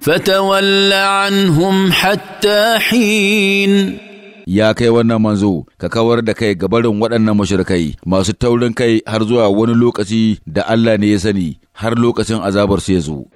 فتول عنهم حتى حين ya kai wannan manzo ka kawar da kai gabarin waɗannan mashirikai, masu taurin kai har zuwa wani lokaci da Allah ne ya sani har lokacin azabar su ya zo